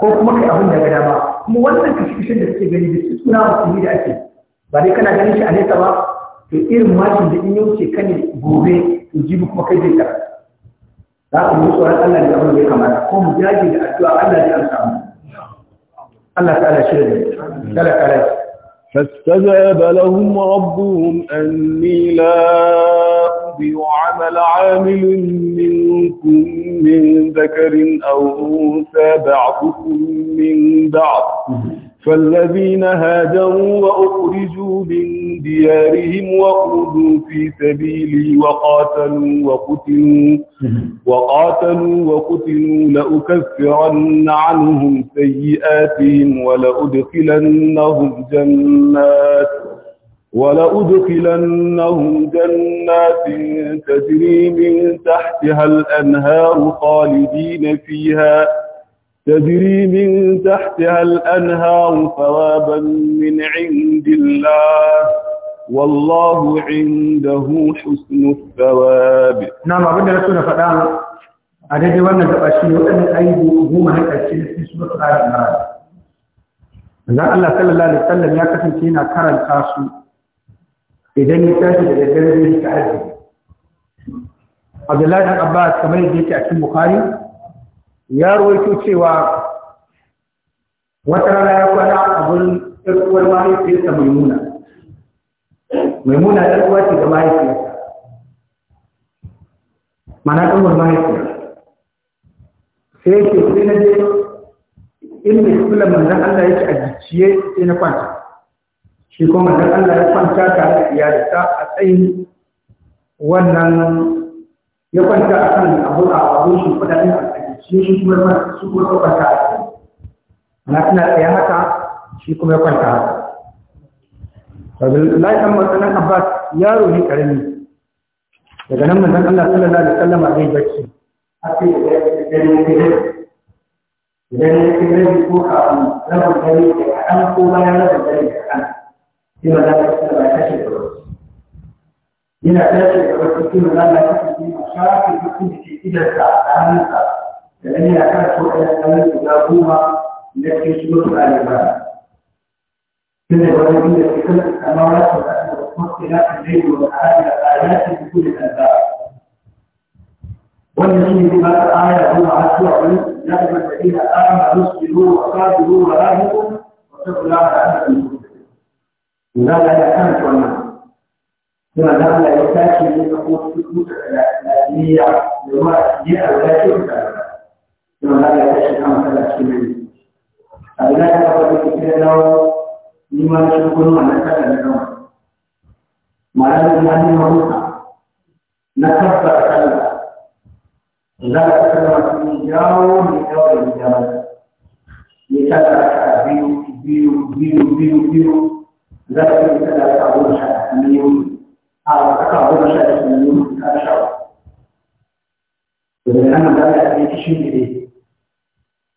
ko kuma kai abin da ga dama kuma wannan kashe-kashen da suke gani da su suna musulmi da ake ba dai kana ganin shi a nesa ba to irin mashin da in yau ce kane gobe to jibi kuma kai zai karatu za ku yi tsoron Allah da abin da ya kamata ko mu jage da addu'a Allah da an samu Allah ta'ala shirya da kala kala فاستجاب لهم ربهم أني لا ربي وعمل عامل منكم من ذكر أو أنثى بعضكم من بعض فالذين هاجروا وأخرجوا من ديارهم وأخذوا في سبيلي وقاتلوا وقتلوا وقاتلوا وقتلوا لأكفرن عنهم سيئاتهم ولأدخلنهم جناتهم ولأدخلنهم جنات تجري من تحتها الأنهار خالدين فيها تجري من تحتها الأنهار ثوابا من عند الله والله عنده حسن الثواب نعم أبدا لسونا فتان أدد وانا تباشي وأن أيضا هم هل أشياء في سورة آل عمران الله صلى الله عليه وسلم يكفي فينا كرن تاسو idan ya tashi da daddare zai shiga arziki abdullahi dan abbas kamar yadda yake a cikin bukhari ya rawaito cewa wata rana ya kwana a gurin ɗarkuwar mahaifiyarsa mai maimuna ɗarkuwa ce ga mahaifiyarsa mana ɗanwar mahaifiyarsa sai yake sai na je inda kula manzan Allah yake a gicciye sai na kwanta shi kuma da Allah ya kwanta tare da iyalinsa a tsayin wannan ya kwanta a kan abu a abu shi kudaden alƙali shi shi kuma ya shi kuma ya kwanta a tsaye ana tana haka shi kuma ya kwanta haka Wajen ɗan matsalan Abbas yaro ne ƙarami daga nan manzon Allah sallallahu alaihi wasallam zai bacci haka ya da ya fi ko kafin da ko da فيما لا يكتشف الرسل إلى ذلك الرسل فيما لا يكتشف المشاكل يكون في إلى التعامل لأن أكثر إلى التعامل الحكومة التي تشمل الألمان كما يقولون في كل السماوات والأرض واختلاف الليل والنهار لآيات لكل الألباب والذين بما الآية هم عسوع يعلم الذين آمنوا اصبروا وصابروا ورابطوا واتقوا على لعلكم تفلحون za ya kan kwana. kuma da ya tashi ne a kotu su da lafiya da ma ji a lafiyar ta. kuma da ya tashi kan matsala cikin nan a ina ka kafa da kike dawo ni ma shi kun wannan kada ne dawo malamin ya nuna ruka na kala. Allah za ka kafa da jawo ne dawo da jawo ne ta ka biyu biyu biyu biyu biyu za ka yi kada ka goma sha miliyoyi a ka goma sha miliyoyi ka sha ba domin ana da ya ce shi ne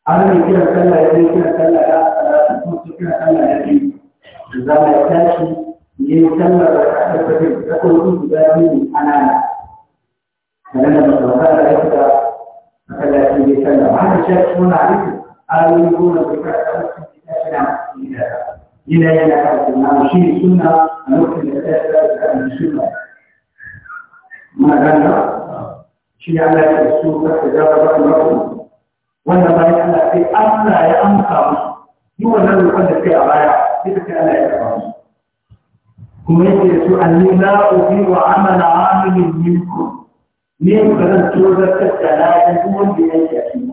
an yi kira sallah ya yi kira sallah ya kuma su kira sallah ya yi za mu tashi ne sallah da ka ta fadi da su guda biyu anana kana da masauka da ya fita aka da shi ne sallah ma da shi muna aiki goma da ka ta shi na da إلى أن نشيل السنة ونقتل السنة ما كان شيء على السوق تجارة الرقم وأن الله أن في أصلا يأمر هو الذي يقدر في أبايا كيف كان يأمر كما يقول أني لا أضيع عمل عامل منكم ليه كذا تقول لك لا يكون بأي شيء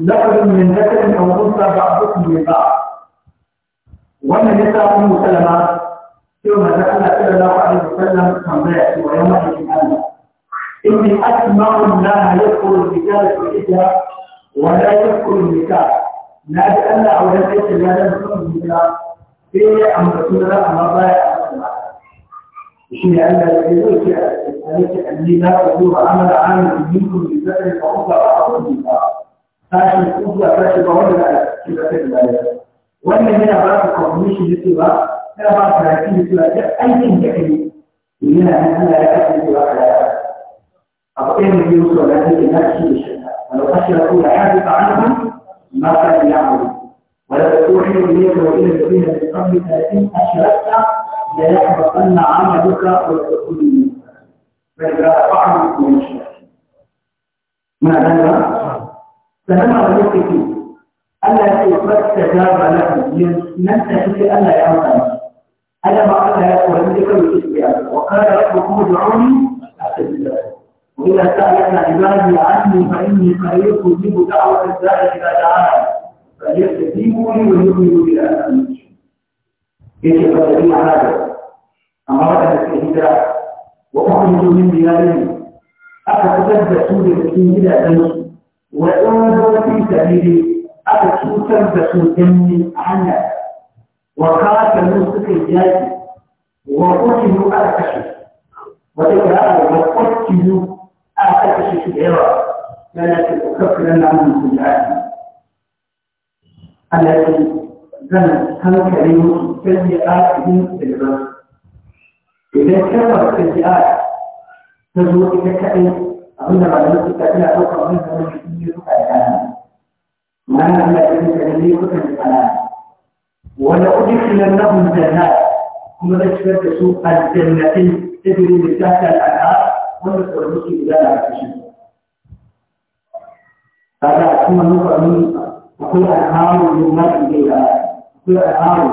لقد من ذكر أو أنثى بعضكم من بعض وأن النساء أم سلمة يوم دخل صلى الله عليه وسلم تنبأت ويوم الجمعة إني أسمع الله يذكر الرجال في الإجراء ولا يذكر النساء لا لأن أو لا يذكر النساء في أمر رسول الله أمر الله شيء أن الإجراء أن النساء عمل عامل منكم بذكر فأنثى بعضكم من بعض فاشل القدوة فاشل بقول لا يبقى فاشل الآلات وأن هنا بعض الكوميشن يسوى هنا بعض الكوميشن يسوى أي شيء يحيي هنا أنا لا أحد يسوى على أبقين من يوسف الذي لا شيء يشهد ولو خشي كل حادث عنهم ما كان يعمل ولو توحي إليك وإلى الذين من قبلك لئن أشركت ليحبطن عملك وتكون منك فإذا بعض الكوميشن ما هذا فلما رجعت ألا ألا يستجاب له من تحل ألا يعطى ألا ما ألا يقول لك وقال ربكم ادعوني وإذا سألك عبادي عني فإني قريب أجيب دعوة الداعي إذا دعاني فليستجيبوا لي ويؤمنوا بلا أنا يجب الذين هذا أمرت الاستهزاء وأخرجوا من ديارهم سورة في إلى ذنبهم wa in fi sabili aka cutar da su danni hanya wa katalu suka yaki wa qutilu aka kashe wata kira'a wa qutilu aka kashe shi da yawa yana ce ukaffiran na mun kun yaki Allah ya zan hankali musu sai ya ƙaƙi da ba idan kalmar sai ya ta zo ita kaɗai abinda malamai suka tana ɗaukar wani zama da sun yi suka da kana mana Allah ya yi da ne kuka da kana wala udkhilan lahum jannat kuma zai shigar da su aljannatin tajri min tahtiha al-anhar wanda sauran su gudana a cikin kaga kuma nufani akwai alharu ne ma in gaira akwai alharu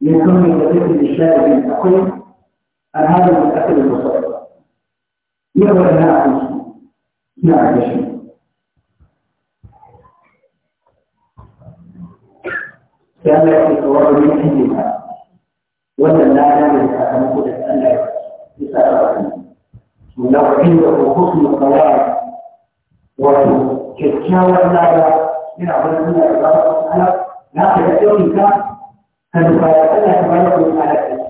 ne kan mai da zai da shari'a akwai alharu da aka da musamman يقول أنها ina a gashi sai Allah ya ce kawar wani aiki ka wannan lada ne sakamako da Allah ya ce sa a wani na wani da na kawai wato kyakkyawar lada ina wani suna da ba ala na ka da ɗauka ka da baya Allah ta bayar da ala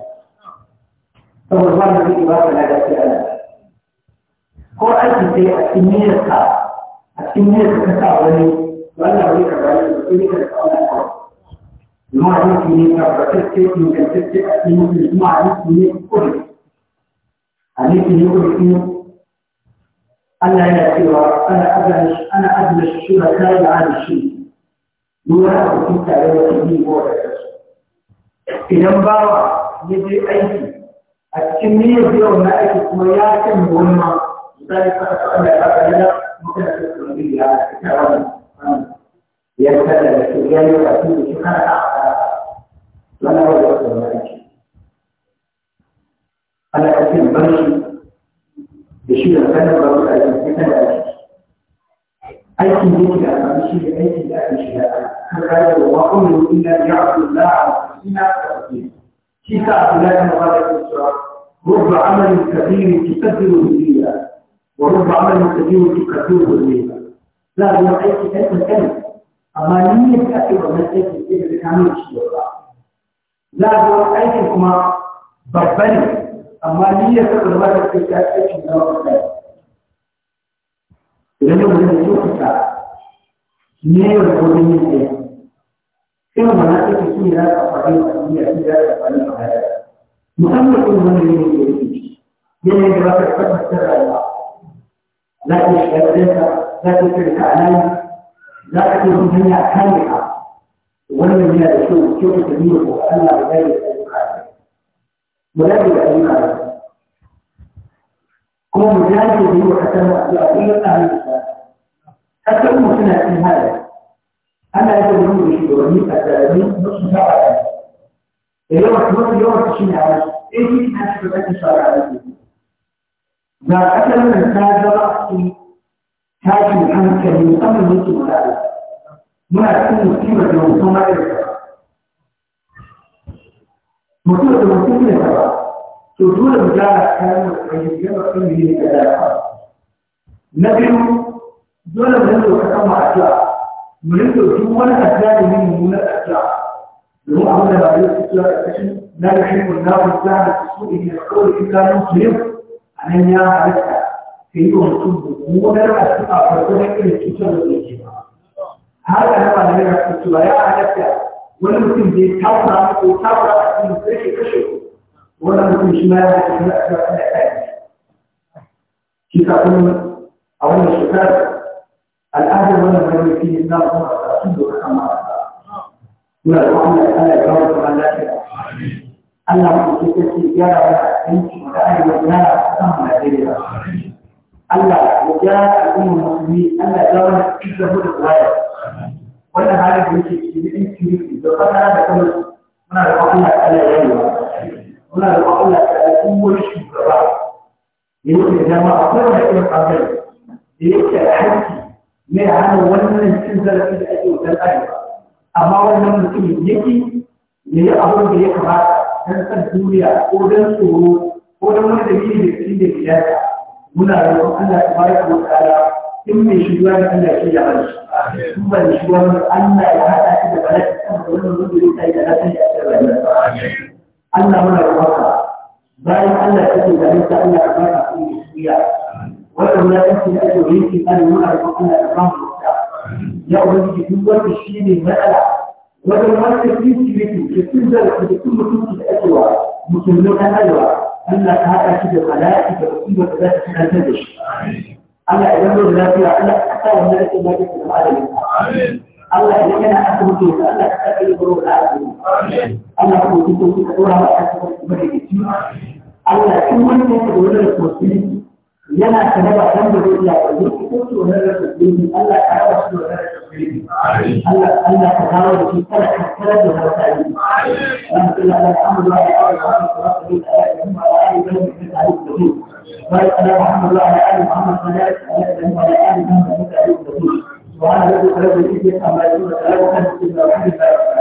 saboda ba da zai ba ka lada sai Allah ko aiki sai a cikin niyyarka a cikin niyyarka ka sa wani wannan wani da su ka da Allah ka kuma aiki ne ka fatakke ingantacce a cikin mutum kuma aiki ne kuri aiki ne kuri Allah yana cewa ana ajiye ana adana shura da alishi duk wani abu kin tare da kudi ko da idan bawa ya je aiki a cikin niyyar yau na aiki kuma ya kan gona ذلك أن الأقل مكلف به على التعاون يبتلى بالسجان ويأتيه شفاء ولا هو يقصد ذلك أنا كثير برشي بشيء الفن برضو أيضا مثل ذلك أي كنت أنا بشيء أي كنت أنا بشيء فقال وقل إلا يعبد الله على سبيل التوحيد شيء تعبد الله كما قال رب عمل كثير تكبر به ورب عمل كبير تكثير بالنسبة لا هو أي كتاب الكلمة أما نية يتأثر من أي كتاب الكامل شيء لا هو أي كما بربني أما لم يتأثر من أي كتاب الكامل لأنه من يشوف نية نيو الكلمة الكامل في مناطق كثيرة أفعال كثيرة كثيرة أفعال هذا محمد من يجب أن يجب أن يجب أن يجب أن يجب لا تشتغلها لا تشتغلها عليها لا تكون هي كامحة ولم يشوف كيف تبيه أن بذلك المقابل مدرب المقابل هو مجال يبيه حتى يؤثر أهل الإسلام حتى أم سنة من هذا أنا أتبعون بشيء أتبعون نصف ساعة اليوم اليوم تشين على إيه تشين على شبكات الشارع على الدين ما أكل من هذا الرأس هاشم حمد كان يقبل منك ملابس ما أكل مسلمة لو ثم إرسل مطلوبة مسلمة الرأس تقول مجال أحكام وتعيش جمع كل من الكلام نبي دولة منذ حكم أحجار منذ جمعنا أحجار من مولا أحجار لهم أولا بعيد السلاح الأشن لا يحب النار الزعمة تسوء إلى قول إلا يوم hanya ya halitta ka yi wa mutum da gudanar a cikin farko na kiran cutar da ke ba. Har da nama da ya rasu cewa ya halitta wani mutum zai tafura ko tafura a cikin sai ke kashe ku. Wannan mutum shi ma ya halitta shi na a cikin kuma a wannan shekarar al'adar wannan mai mafi na zama kuma a cikin da kama. Muna da wannan ya kawo kuma lafiya. Allah ku ce ce gyara wa yanki da arewa gyara a saman Najeriya. Allah ya gyara al'ummar musulmi Allah ya gyara da da tsaya. Wannan halin da yake cikin ɗin kirki da fata da kamar muna da kwakwalla ta Allah ya yi Muna da kwakwalla ta al'ummar shugaba. Da yake dama a kowane irin ɓangare da yake da haƙƙi ne a hannun wannan cin zarafi da ake wutar arewa. Amma wannan mutum yake ya yi abin da ya kamata don san duniya ko don tsoro ko don wani dalili da cikin da ya ta muna roƙon Allah ya bari ku tsara in mai shiga da Allah ya kiyaye shi in ba shiga da Allah ya hada shi da bala'i kan wannan wanda ya kai da lafiya ya ta rayuwa Allah muna roƙon ka bayan Allah ta ce da Allah Allah ya bari ku tsira wannan ta ce da ake yi ki kana muna roƙon Allah ya bari ku tsara ya ubangiji duk wanda shi ne matsala wajen wata kirkirki da sun zarafi da kuma mutunci da ajewa musulmi na arewa Allah ta haɗa shi da mala'iki da musibar da za ta kanantar da shi. Allah idan zai da lafiya Allah ta sa wannan rashin lafiya da malamin. Allah idan yana asibiti da Allah ta sa kai baro da asibiti. Allah ko ki ko ka dora ma asibiti da kici. Allah in wannan da wannan rashin yana sanaba dan da zai iya ko ki ko wannan rashin Allah ta shi da Allah Allah ka dawo da shi kada ka kada da mutane Allah Allah alhamdu lillah بارك على محمد وعلى ال محمد وعلى ال محمد وعلى ال محمد وعلى ال محمد سبحان ربك رب العزه عما يصفون وسلام على المرسلين والحمد لله رب العالمين